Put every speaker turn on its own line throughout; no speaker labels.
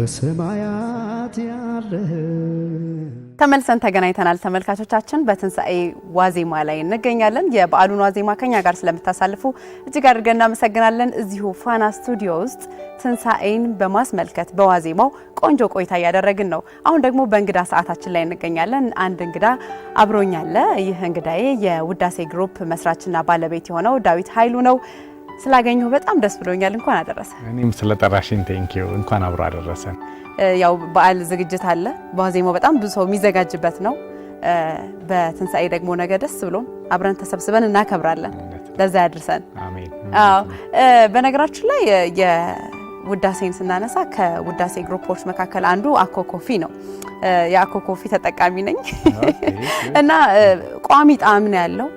በሰማያት ያለህ ተመልሰን ተገናኝተናል። ተመልካቾቻችን በትንሣኤ ዋዜማ ላይ እንገኛለን። የበዓሉን ዋዜማ ከኛ ጋር ስለምታሳልፉ እጅግ አድርገን እናመሰግናለን። እዚሁ ፋና ስቱዲዮ ውስጥ ትንሣኤን በማስመልከት በዋዜማው ቆንጆ ቆይታ እያደረግን ነው። አሁን ደግሞ በእንግዳ ሰዓታችን ላይ እንገኛለን። አንድ እንግዳ አብሮኛለ። ይህ እንግዳዬ የውዳሴ ግሩፕ መስራችና ባለቤት የሆነው ዳዊት ኃይሉ ነው። ስላገኘሁ በጣም ደስ ብሎኛል። እንኳን አደረሰ።
እኔም ስለጠራሽኝ ዩ። እንኳን አብሮ አደረሰ።
ያው በዓል ዝግጅት አለ። በዋዜማው በጣም ብዙ ሰው የሚዘጋጅበት ነው። በትንሣኤ ደግሞ ነገ ደስ ብሎ አብረን ተሰብስበን እናከብራለን። ለዛ ያድርሰን። በነገራችን ላይ የውዳሴን ስናነሳ ከውዳሴ ግሩፖች መካከል አንዱ አኮ ኮፊ ነው። የአኮ ኮፊ ተጠቃሚ ነኝ እና ቋሚ ጣዕም ነው ያለው።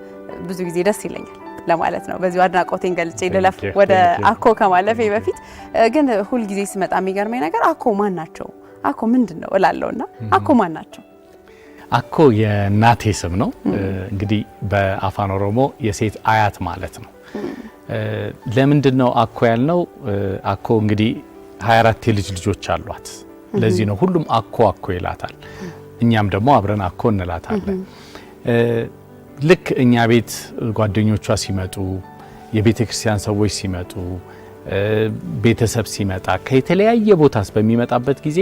ብዙ ጊዜ ደስ ይለኛል። ለማለት ነው። በዚሁ አድናቆቴን ገልጬ ልለፍ ወደ አኮ ከማለፌ በፊት ግን ሁልጊዜ ስመጣ የሚገርመኝ ነገር አኮ ማን ናቸው አኮ ምንድን ነው እላለሁ እና አኮ ማን ናቸው?
አኮ የእናቴ ስም ነው። እንግዲህ በአፋን ኦሮሞ የሴት አያት ማለት ነው። ለምንድን ነው አኮ ያልነው? አኮ እንግዲህ 24 የልጅ ልጆች አሏት። ለዚህ ነው ሁሉም አኮ አኮ ይላታል። እኛም ደግሞ አብረን አኮ እንላታለን። ልክ እኛ ቤት ጓደኞቿ ሲመጡ፣ የቤተ ክርስቲያን ሰዎች ሲመጡ፣ ቤተሰብ ሲመጣ ከተለያየ ቦታስ በሚመጣበት ጊዜ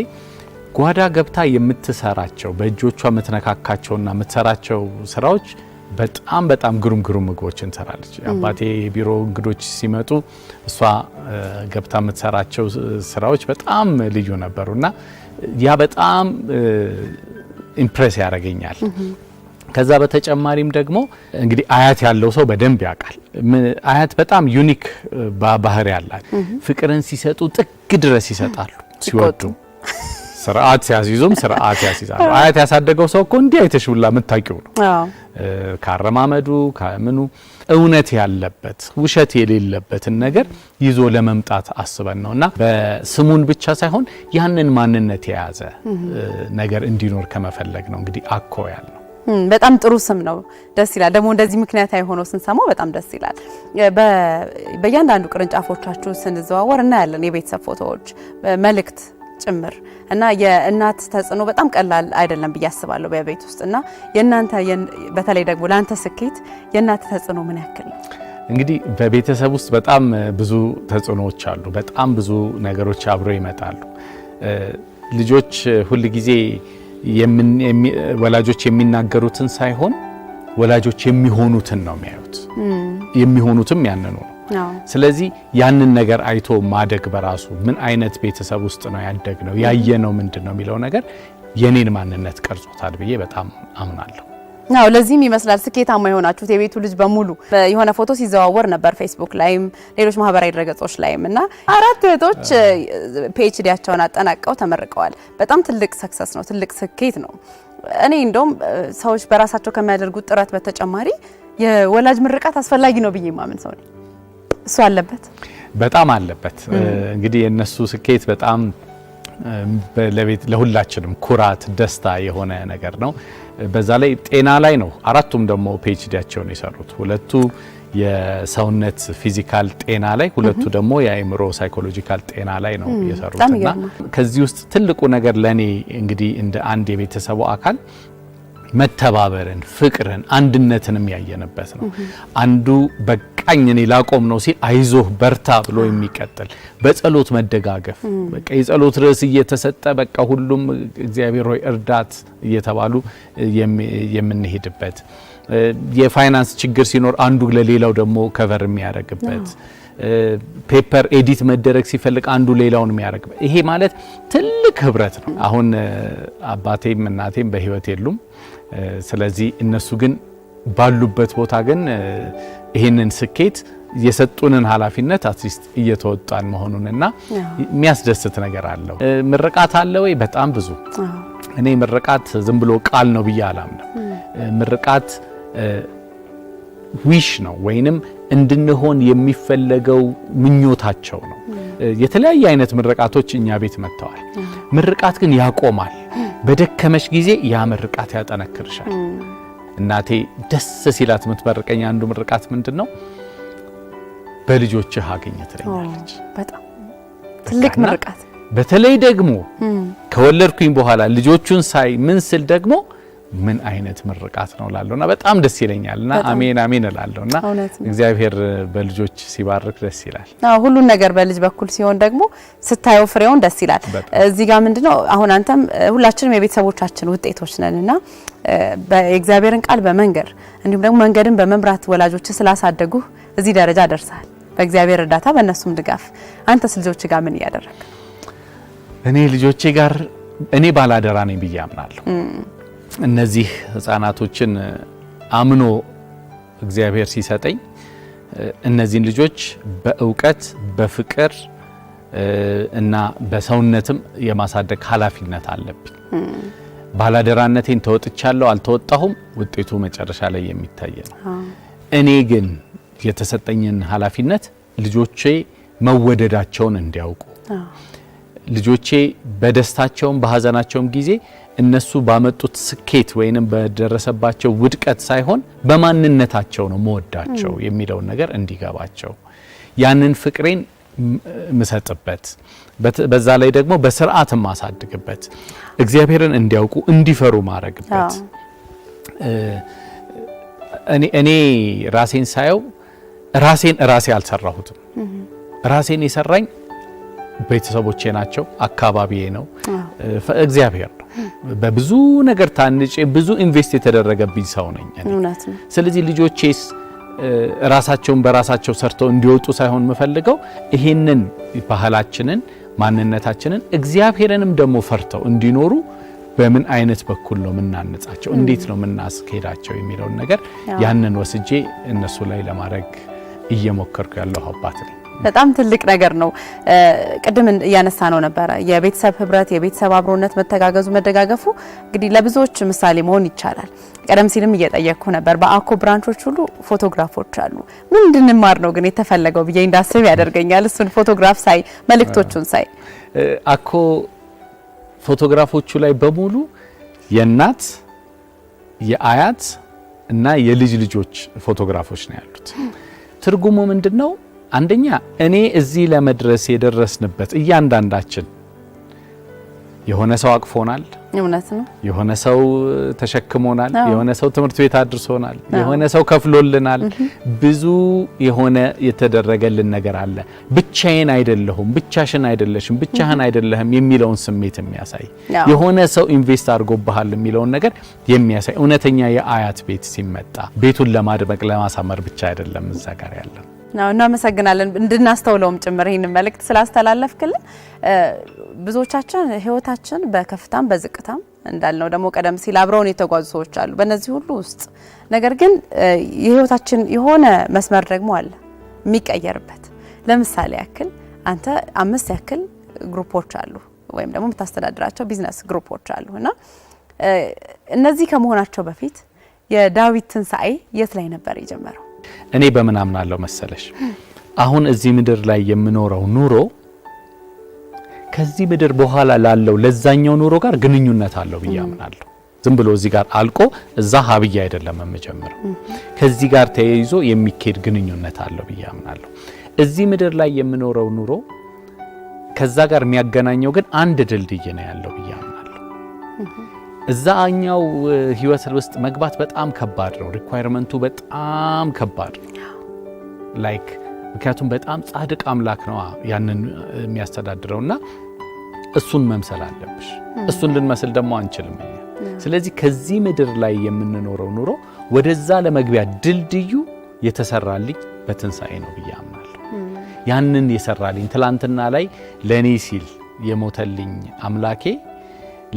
ጓዳ ገብታ የምትሰራቸው በእጆቿ የምትነካካቸውና የምትሰራቸው ስራዎች በጣም በጣም ግሩም ግሩም ምግቦች እንሰራለች። አባቴ የቢሮ እንግዶች ሲመጡ እሷ ገብታ የምትሰራቸው ስራዎች በጣም ልዩ ነበሩ እና ያ በጣም ኢምፕሬስ ያደርገኛል። ከዛ በተጨማሪም ደግሞ እንግዲህ አያት ያለው ሰው በደንብ ያውቃል። አያት በጣም ዩኒክ ባህሪ ያላት፣ ፍቅርን ሲሰጡ ጥግ ድረስ ይሰጣሉ። ሲወዱ ስርዓት ሲያስይዙም ስርዓት ያስይዛሉ። አያት ያሳደገው ሰው እኮ እንዲህ አይተሽ ሁላ የምታውቂው ነው። ካረማመዱ ከምኑ እውነት ያለበት ውሸት የሌለበትን ነገር ይዞ ለመምጣት አስበን ነው እና በስሙን ብቻ ሳይሆን ያንን ማንነት የያዘ ነገር እንዲኖር ከመፈለግ ነው እንግዲህ አኮ ነው
በጣም ጥሩ ስም ነው። ደስ ይላል። ደግሞ እንደዚህ ምክንያት ሆኖ ስንሰማው በጣም ደስ ይላል። በእያንዳንዱ ቅርንጫፎቻችሁ ስንዘዋወር እናያለን የቤተሰብ ፎቶዎች፣ መልእክት ጭምር እና የእናት ተጽዕኖ በጣም ቀላል አይደለም ብዬ አስባለሁ በቤት ውስጥ እና የእናንተ በተለይ ደግሞ ለአንተ ስኬት የእናት ተጽዕኖ ምን ያክል ነው?
እንግዲህ በቤተሰብ ውስጥ በጣም ብዙ ተጽዕኖዎች አሉ። በጣም ብዙ ነገሮች አብረው ይመጣሉ። ልጆች ሁል ጊዜ ወላጆች የሚናገሩትን ሳይሆን ወላጆች የሚሆኑትን ነው የሚያዩት። የሚሆኑትም ያንኑ ነው። ስለዚህ ያንን ነገር አይቶ ማደግ በራሱ ምን አይነት ቤተሰብ ውስጥ ነው ያደግ ነው ያየ ነው ምንድን ነው የሚለው ነገር የኔን ማንነት ቀርጾታል ብዬ በጣም አምናለሁ።
አዎ ለዚህም ይመስላል ስኬታማ የሆናችሁት የቤቱ ልጅ በሙሉ የሆነ ፎቶ ሲዘዋወር ነበር ፌስቡክ ላይም ሌሎች ማህበራዊ ድረገጾች ላይም እና አራት እህቶች ፒኤችዲያቸውን አጠናቀው ተመርቀዋል። በጣም ትልቅ ሰክሰስ ነው፣ ትልቅ ስኬት ነው። እኔ እንደውም ሰዎች በራሳቸው ከሚያደርጉት ጥረት በተጨማሪ የወላጅ ምርቃት አስፈላጊ ነው ብዬ ማምን ሰው ነኝ። እሱ አለበት፣
በጣም አለበት። እንግዲህ የእነሱ ስኬት በጣም ለሁላችንም ኩራት፣ ደስታ የሆነ ነገር ነው። በዛ ላይ ጤና ላይ ነው። አራቱም ደግሞ ፒኤችዲያቸውን የሰሩት ሁለቱ የሰውነት ፊዚካል ጤና ላይ፣ ሁለቱ ደግሞ የአእምሮ ሳይኮሎጂካል ጤና ላይ ነው እና ከዚህ ውስጥ ትልቁ ነገር ለእኔ እንግዲህ እንደ አንድ የቤተሰቡ አካል መተባበርን፣ ፍቅርን፣ አንድነትን የሚያየንበት ነው። አንዱ በቃኝ እኔ ላቆም ነው ሲል አይዞህ በርታ ብሎ የሚቀጥል በጸሎት መደጋገፍ በቃ የጸሎት ርዕስ እየተሰጠ በቃ ሁሉም እግዚአብሔር ሆይ እርዳት እየተባሉ የምንሄድበት የፋይናንስ ችግር ሲኖር አንዱ ለሌላው ደግሞ ከቨር የሚያደርግበት ፔፐር ኤዲት መደረግ ሲፈልግ አንዱ ሌላውን የሚያደርግበት ይሄ ማለት ትልቅ ህብረት ነው። አሁን አባቴም እናቴም በህይወት የሉም። ስለዚህ እነሱ ግን ባሉበት ቦታ ግን ይህንን ስኬት የሰጡንን ኃላፊነት አትሊስት እየተወጣን መሆኑንና የሚያስደስት ነገር አለው። ምርቃት አለ ወይ? በጣም ብዙ። እኔ ምርቃት ዝም ብሎ ቃል ነው ብዬ አላምንም። ምርቃት ዊሽ ነው ወይንም እንድንሆን የሚፈለገው ምኞታቸው ነው። የተለያየ አይነት ምርቃቶች እኛ ቤት መጥተዋል። ምርቃት ግን ያቆማል። በደከመሽ ጊዜ ያ ምርቃት ያጠነክርሻል። እናቴ ደስ ሲላት የምትመርቀኝ አንዱ ምርቃት ምንድን ነው? በልጆችህ አገኘ ትለኛለች።
በጣም ትልቅ ምርቃት።
በተለይ ደግሞ ከወለድኩኝ በኋላ ልጆቹን ሳይ ምን ስል ደግሞ ምን አይነት ምርቃት ነው ላለሁ በጣም ደስ ይለኛል አሜን አሜን እላለሁ እግዚአብሔር በልጆች ሲባርክ ደስ ይላል።
ሁሉን ነገር በልጅ በኩል ሲሆን ደግሞ ስታየው ፍሬውን ደስ ይላል። እዚህ ጋር ምንድነው አሁን አንተም ሁላችንም የቤተሰቦቻችን ውጤቶች ነን እና የእግዚአብሔርን ቃል በመንገድ እንዲሁም ደግሞ መንገድን በመምራት ወላጆች ስላሳደጉ እዚህ ደረጃ ደርሳል። በእግዚአብሔር እርዳታ በእነሱም ድጋፍ አንተስ ልጆች ጋር ምን እያደረግ
እኔ ልጆቼ ጋር እኔ ባላደራ ነኝ ብዬ አምናለሁ እነዚህ ህፃናቶችን አምኖ እግዚአብሔር ሲሰጠኝ እነዚህን ልጆች በእውቀት በፍቅር እና በሰውነትም የማሳደግ ኃላፊነት አለብኝ። ባላደራነቴን ተወጥቻለሁ አልተወጣሁም፣ ውጤቱ መጨረሻ ላይ የሚታየ ነው። እኔ ግን የተሰጠኝን ኃላፊነት ልጆቼ መወደዳቸውን እንዲያውቁ ልጆቼ በደስታቸውም በሀዘናቸውም ጊዜ እነሱ ባመጡት ስኬት ወይንም በደረሰባቸው ውድቀት ሳይሆን በማንነታቸው ነው መወዳቸው የሚለውን ነገር እንዲገባቸው ያንን ፍቅሬን ምሰጥበት በዛ ላይ ደግሞ በስርዓት ማሳድግበት እግዚአብሔርን እንዲያውቁ እንዲፈሩ ማድረግበት እኔ ራሴን ሳየው ራሴን ራሴ አልሰራሁትም። ራሴን የሰራኝ ቤተሰቦቼ ናቸው፣ አካባቢዬ ነው፣ እግዚአብሔር በብዙ ነገር ታንጬ ብዙ ኢንቨስት የተደረገብኝ ሰው ነኝ። ስለዚህ ልጆቼስ ራሳቸውን በራሳቸው ሰርተው እንዲወጡ ሳይሆን የምፈልገው ይሄንን ባህላችንን፣ ማንነታችንን እግዚአብሔርንም ደግሞ ፈርተው እንዲኖሩ በምን አይነት በኩል ነው የምናነጻቸው፣ እንዴት ነው የምናስኬዳቸው የሚለውን ነገር ያንን ወስጄ እነሱ ላይ ለማድረግ እየሞከርኩ ያለሁ አባት ነኝ።
በጣም ትልቅ ነገር ነው። ቅድም እያነሳ ነው ነበረ የቤተሰብ ህብረት፣ የቤተሰብ አብሮነት፣ መተጋገዙ፣ መደጋገፉ እንግዲህ ለብዙዎች ምሳሌ መሆን ይቻላል። ቀደም ሲልም እየጠየቅኩ ነበር። በአኮ ብራንቾች ሁሉ ፎቶግራፎች አሉ። ምን እንድንማር ነው ግን የተፈለገው ብዬ እንዳስብ ያደርገኛል። እሱን ፎቶግራፍ ሳይ፣ መልእክቶቹን ሳይ
አኮ ፎቶግራፎቹ ላይ በሙሉ የእናት የአያት እና የልጅ ልጆች ፎቶግራፎች ነው ያሉት። ትርጉሙ ምንድን ነው? አንደኛ እኔ እዚህ ለመድረስ የደረስንበት እያንዳንዳችን የሆነ ሰው አቅፎናል። እውነት ነው። የሆነ ሰው ተሸክሞናል። የሆነ ሰው ትምህርት ቤት አድርሶናል። የሆነ ሰው ከፍሎልናል። ብዙ የሆነ የተደረገልን ነገር አለ። ብቻዬን አይደለሁም፣ ብቻሽን አይደለሽም፣ ብቻህን አይደለህም የሚለውን ስሜት የሚያሳይ የሆነ ሰው ኢንቨስት አድርጎብሃል የሚለውን ነገር የሚያሳይ እውነተኛ የአያት ቤት ሲመጣ ቤቱን ለማድመቅ ለማሳመር ብቻ አይደለም እዛ ጋር ያለው
እናመሰግናለን እንድናስተውለውም ጭምር ይህንን መልእክት ስላስተላለፍክልን። ብዙዎቻችን ህይወታችን በከፍታም በዝቅታም እንዳልነው ደግሞ ቀደም ሲል አብረውን የተጓዙ ሰዎች አሉ በእነዚህ ሁሉ ውስጥ። ነገር ግን የህይወታችን የሆነ መስመር ደግሞ አለ የሚቀየርበት። ለምሳሌ ያክል አንተ አምስት ያክል ግሩፖች አሉ ወይም ደግሞ የምታስተዳድራቸው ቢዝነስ ግሩፖች አሉ እና እነዚህ ከመሆናቸው በፊት የዳዊት ትንሣኤ የት ላይ ነበር የጀመረው?
እኔ በምን አምናለሁ መሰለሽ፣ አሁን እዚህ ምድር ላይ የምኖረው ኑሮ ከዚህ ምድር በኋላ ላለው ለዛኛው ኑሮ ጋር ግንኙነት አለው ብዬ አምናለሁ። ዝም ብሎ እዚህ ጋር አልቆ እዛ ሀብዬ አይደለም የምጀምረው። ከዚህ ጋር ተያይዞ የሚኬድ ግንኙነት አለው ብዬ አምናለሁ። እዚህ ምድር ላይ የምኖረው ኑሮ ከዛ ጋር የሚያገናኘው ግን አንድ ድልድይ ነው ያለው ብዬ አምናለሁ። እዛኛው ህይወት ውስጥ መግባት በጣም ከባድ ነው። ሪኳየርመንቱ በጣም ከባድ ነው። ላይክ ምክንያቱም በጣም ጻድቅ አምላክ ነው ያንን የሚያስተዳድረው እና እሱን መምሰል አለብሽ። እሱን ልንመስል ደግሞ አንችልም። ስለዚህ ከዚህ ምድር ላይ የምንኖረው ኑሮ ወደዛ ለመግቢያ ድልድዩ የተሰራልኝ በትንሣኤ ነው ብዬ አምናለሁ። ያንን የሰራልኝ ትላንትና ላይ ለእኔ ሲል የሞተልኝ አምላኬ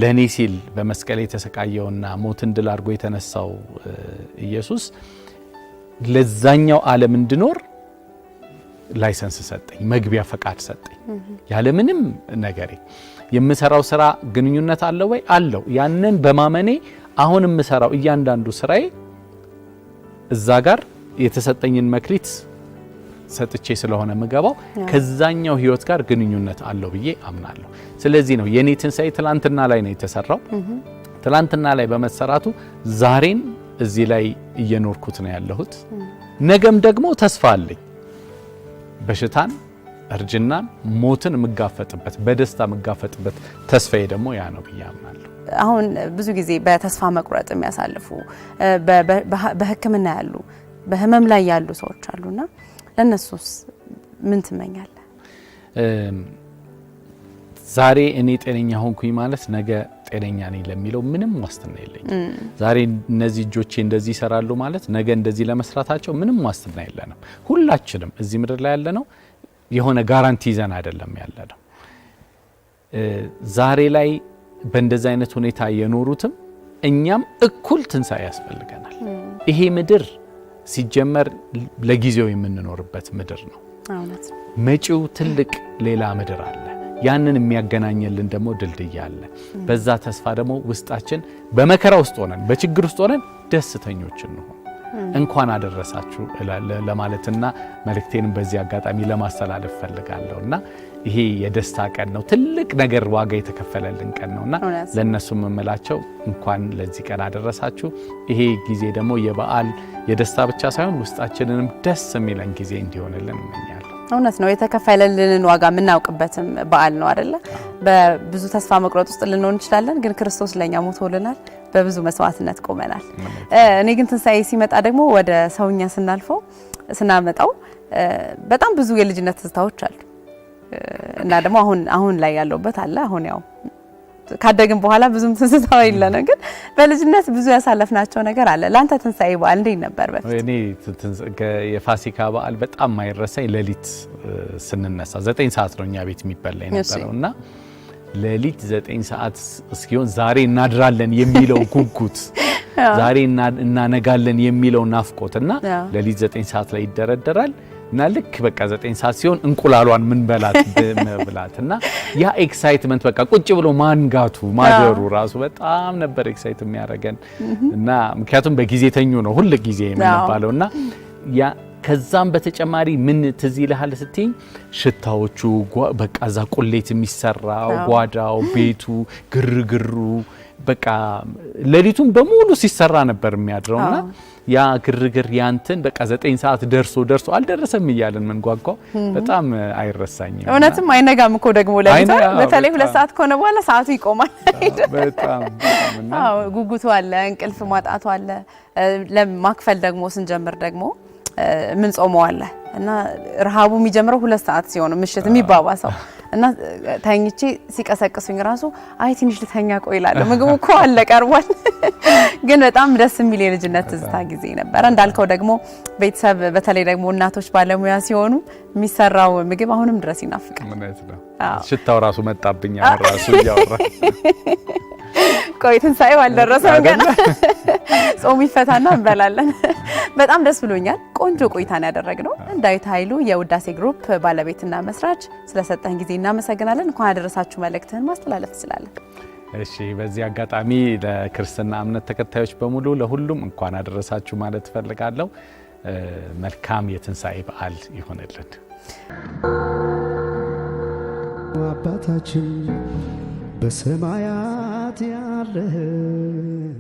ለእኔ ሲል በመስቀል የተሰቃየውና ሞትን ድል አድርጎ የተነሳው ኢየሱስ ለዛኛው ዓለም እንድኖር ላይሰንስ ሰጠኝ፣ መግቢያ ፈቃድ ሰጠኝ። ያለምንም ነገሬ የምሰራው ስራ ግንኙነት አለው ወይ? አለው። ያንን በማመኔ አሁን የምሰራው እያንዳንዱ ስራዬ እዛ ጋር የተሰጠኝን መክሊት ሰጥቼ ስለሆነ ምገባው ከዛኛው ህይወት ጋር ግንኙነት አለው ብዬ አምናለሁ። ስለዚህ ነው የኔ ትንሳኤ ትላንትና ላይ ነው የተሰራው። ትላንትና ላይ በመሰራቱ ዛሬን እዚህ ላይ እየኖርኩት ነው ያለሁት። ነገም ደግሞ ተስፋ አለኝ። በሽታን፣ እርጅናን፣ ሞትን የምጋፈጥበት በደስታ የምጋፈጥበት ተስፋዬ ደግሞ ያ ነው ብዬ አምናለሁ።
አሁን ብዙ ጊዜ በተስፋ መቁረጥ የሚያሳልፉ በህክምና ያሉ በህመም ላይ ያሉ ሰዎች አሉና ለእነሱስ ምን ትመኛለህ?
ዛሬ እኔ ጤነኛ ሆንኩኝ ማለት ነገ ጤነኛ ነኝ ለሚለው ምንም ዋስትና የለኝ። ዛሬ እነዚህ እጆቼ እንደዚህ ይሰራሉ ማለት ነገ እንደዚህ ለመስራታቸው ምንም ዋስትና የለንም። ሁላችንም እዚህ ምድር ላይ ያለነው የሆነ ጋራንቲ ይዘን አይደለም ያለነው። ዛሬ ላይ በእንደዚህ አይነት ሁኔታ የኖሩትም እኛም እኩል ትንሣኤ ያስፈልገናል። ይሄ ምድር ሲጀመር ለጊዜው የምንኖርበት ምድር ነው። መጪው ትልቅ ሌላ ምድር አለ። ያንን የሚያገናኘልን ደግሞ ድልድይ አለ። በዛ ተስፋ ደግሞ ውስጣችን በመከራ ውስጥ ሆነን በችግር ውስጥ ሆነን ደስተኞች እንሆን። እንኳን አደረሳችሁ ለማለትና መልእክቴንም በዚህ አጋጣሚ ለማስተላለፍ እና። ይሄ የደስታ ቀን ነው። ትልቅ ነገር ዋጋ የተከፈለልን ቀን ነውና ለእነሱ የምምላቸው እንኳን ለዚህ ቀን አደረሳችሁ። ይሄ ጊዜ ደግሞ የበዓል የደስታ ብቻ ሳይሆን ውስጣችንንም ደስ የሚለን ጊዜ እንዲሆንልን እመኛለሁ።
እውነት ነው። የተከፈለልንን ዋጋ የምናውቅበትም በዓል ነው አደለ? በብዙ ተስፋ መቁረጥ ውስጥ ልንሆን እንችላለን፣ ግን ክርስቶስ ለእኛ ሞቶልናል። በብዙ መስዋዕትነት ቆመናል። እኔ ግን ትንሣኤ ሲመጣ ደግሞ ወደ ሰውኛ ስናልፈው ስናመጣው በጣም ብዙ የልጅነት ትዝታዎች አሉ እና ደግሞ አሁን አሁን ላይ ያለውበት አለ አሁን ያው ካደግን በኋላ ብዙም ትንስታው የለ ነው፣ ግን በልጅነት ብዙ ያሳለፍናቸው ነገር አለ። ለአንተ ትንሳኤ በዓል እንዴት ነበር? በፊት
እኔ የፋሲካ በዓል በጣም ማይረሳኝ ሌሊት ስንነሳ ዘጠኝ ሰዓት ነው እኛ ቤት የሚበላ የነበረው እና ሌሊት ዘጠኝ ሰዓት እስኪሆን ዛሬ እናድራለን የሚለው ጉጉት ዛሬ እናነጋለን የሚለው ናፍቆት እና ሌሊት ዘጠኝ ሰዓት ላይ ይደረደራል እና ልክ በቃ ዘጠኝ ሰዓት ሲሆን እንቁላሏን ምን በላት ብላት እና ያ ኤክሳይትመንት በቃ ቁጭ ብሎ ማንጋቱ ማደሩ ራሱ በጣም ነበር ኤክሳይት የሚያደርገን እና ምክንያቱም በጊዜ ተኙ ነው ሁል ጊዜ የምንባለው እና ያ ከዛም በተጨማሪ ምን ትዝ ይልሃል ስትይኝ ሽታዎቹ በቃ እዛ ቁሌት የሚሰራው ጓዳው፣ ቤቱ፣ ግርግሩ በቃ ሌሊቱን በሙሉ ሲሰራ ነበር የሚያድረውና ያ ግርግር ያንተን በቃ ዘጠኝ ሰዓት ደርሶ ደርሶ አልደረሰም እያለን ምንጓጓው በጣም አይረሳኝም።
እውነትም አይነጋም እኮ ደግሞ ለሊቷ በተለይ ሁለት ሰዓት ከሆነ በኋላ ሰዓቱ ይቆማል። ጉጉቱ አለ፣ እንቅልፍ ማጣቱ አለ። ለማክፈል ደግሞ ስንጀምር ደግሞ ምን ጾመዋለ እና ረሃቡ የሚጀምረው ሁለት ሰዓት ሲሆን ምሽት የሚባባሰው እና ተኝቼ ሲቀሰቅሱኝ ራሱ አይ ትንሽ ልተኛ ቆይ እላለሁ። ምግቡ እኮ አለ ቀርቧል። ግን በጣም ደስ የሚል የልጅነት ትዝታ ጊዜ ነበረ። እንዳልከው ደግሞ ቤተሰብ በተለይ ደግሞ እናቶች ባለሙያ ሲሆኑ የሚሰራው ምግብ አሁንም ድረስ ይናፍቃል።
ሽታው ራሱ መጣብኛል ራሱ እያወራ
ቆይ ትንሳኤው አልደረሰም ገና። ጾሙ ይፈታና እንበላለን። በጣም ደስ ብሎኛል። ቆንጆ ቆይታን ያደረግነው እንዳዊት ኃይሉ የውዳሴ ግሩፕ ባለቤትና መስራች፣ ስለሰጠን ጊዜ እናመሰግናለን። እንኳን ያደረሳችሁ መልእክትህን ማስተላለፍ ትችላለን።
እሺ በዚህ አጋጣሚ ለክርስትና እምነት ተከታዮች በሙሉ ለሁሉም እንኳን አደረሳችሁ ማለት እፈልጋለሁ። መልካም የትንሣኤ በዓል ይሆንልን። አባታችን በሰማያ በኃጢአት ያረህ